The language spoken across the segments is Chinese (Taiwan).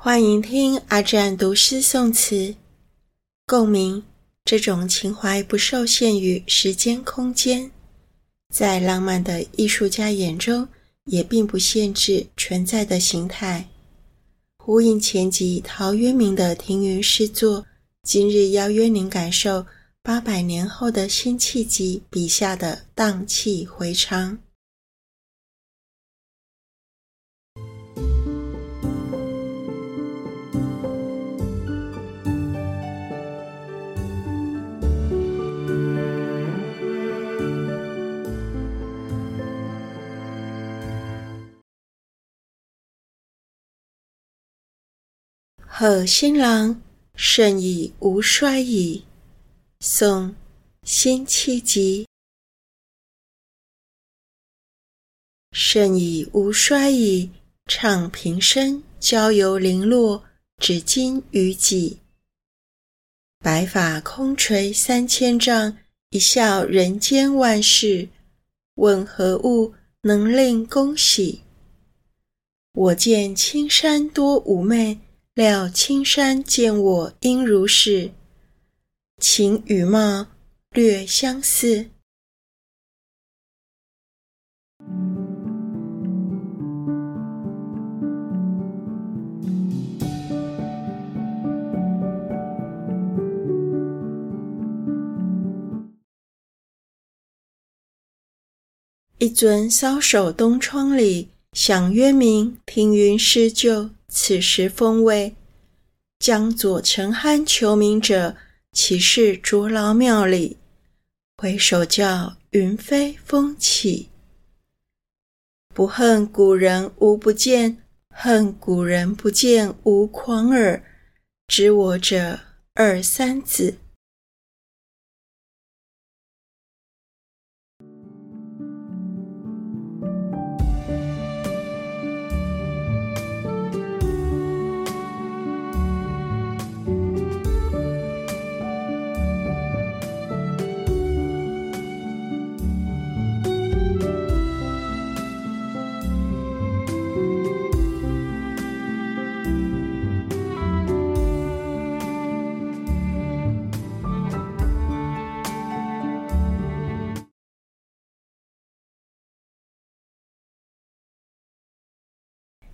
歡迎聽阿佔讀詩誦詞，共鳴這種情懷不受限於時間空間，在浪漫的藝術家眼中也並不限制存在的形態。呼應前集陶淵明的停雲詩作，今日邀約您感受八百年後的辛棄疾筆下的蕩氣迴腸。賀新郎·甚矣吾衰矣，宋·辛棄疾。甚矣吾衰矣，悵平生、交遊零落，只今餘幾。白髮空垂三千丈，一笑人間萬事。問何物能令公喜？我見青山多嫵媚。料青山見我應如是，情與貌略相似。一尊搔首東窗裡，想淵明停雲詩就。此時風味，江左沉酣求名者，豈識濁醪妙理？回首叫雲飛風起，不恨古人吾不見，恨古人不見吾狂耳。知我者，二三子。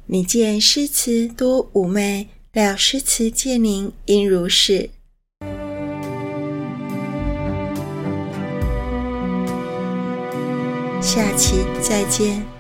你見詩詞多嫵媚，料詩詞見您應如是。下期再見。